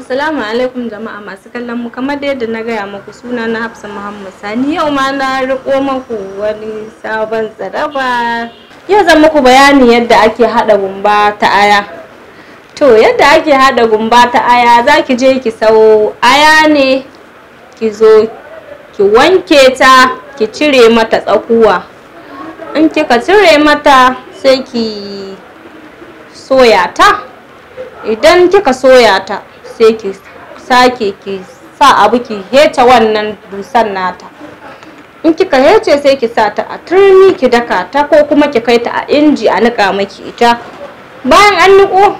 Assalamu alaikum jama'a masu kallon mu kamar da yadda na gaya muku suna na Hafsa Muhammad Sani yau ma na riko muku wani sabon tsaraba yau zan muku bayani yadda ake hada gumba ta aya to yadda ake hada gumba ta aya za ki je ki sau aya ne ki zo ki wanke ta ki cire mata tsakuwa in kika cire mata sai ki soya ta idan kika soya ta sai ki sake ki sa abu ki hece wannan dusan nata in kika hece sai ki sa ta a turmi ki daka ta ko kuma ki kai ta a inji a niƙa maki ita bayan an niƙo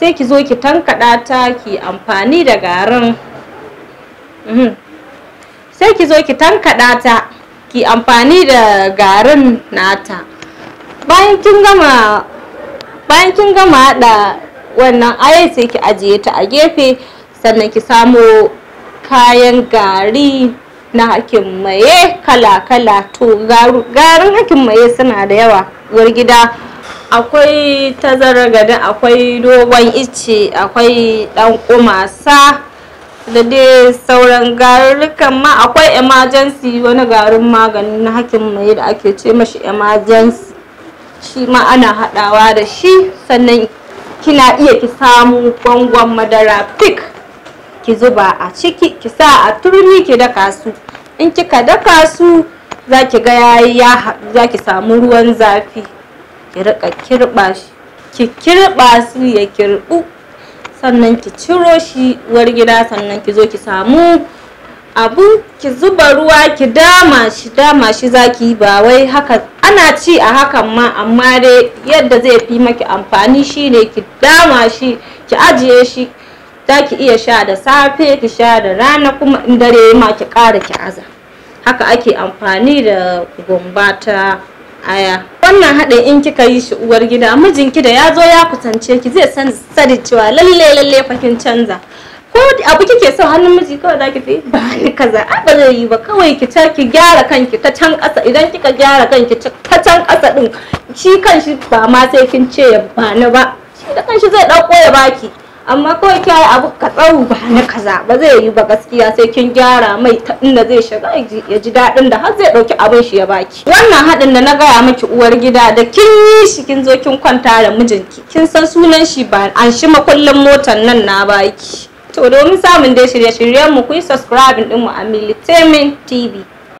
sai ki zo ki tankaɗa ta ki amfani da garin uhm. sai ki zo ki tankaɗa ta ki amfani da garin nata bayan kin gama bayan kin gama da wannan ayar sai ki ajiye ta a gefe sannan ki samo kayan gari na hakin maye kala-kala to garin hakin maye suna da yawa war gida akwai tazara gada akwai dogon ice akwai dan kumasa da dai sauran garurrukan ma akwai emergency wani garin magani na hakin maye da ake ce mashi emergency shi ma ana hadawa da shi sannan kina iya ki samu gwangwan madara fik ki zuba a ciki ki sa a turmi ki daka su in kika daka su zaki ga yayi ya zaki samu ruwan zafi ki rika kirba shi ki kirba su ya kirbu sannan ki ciro shi uwar gida sannan ki zo ki samu abu ki zuba ruwa ki dama shi dama shi zaki ba wai haka ana ci a hakan ma amma dai yadda zai fi maki amfani shi ne ki dama shi ki ajiye shi ta ki iya sha da safe ki sha da rana kuma in dare ma ki ƙara ki aza haka ake amfani da gumba ta aya wannan haɗin in kika yi shi uwar gida mijinki da ya zo ya kusance ki zai san sadi cewa lalle lalle fakin canza ko abu kike son hannun miji kawai za ki ce ba ni kaza a ba zai yi ba kawai ki ta ki gyara kanki ta can ƙasa idan kika gyara kanki ta can ƙasa din shi kanshi ba ma sai kin ce ya ba ni ba shi da kanshi zai ɗauko ya baki amma kawai ki yi abu ka tsawo ba na kaza ba zai yi ba gaskiya sai kin gyara mai ta inda zai shiga ya ji daɗin da har zai ɗauki abin shi ya baki wannan haɗin da na gaya miki uwar gida da kin yi shi kin zo kin kwanta da mijinki kin san sunan shi ba an shi kullum motar nan na baki To domin samun dai shirye-shiryenmu ku subscribe ɗinmu a militemin TV.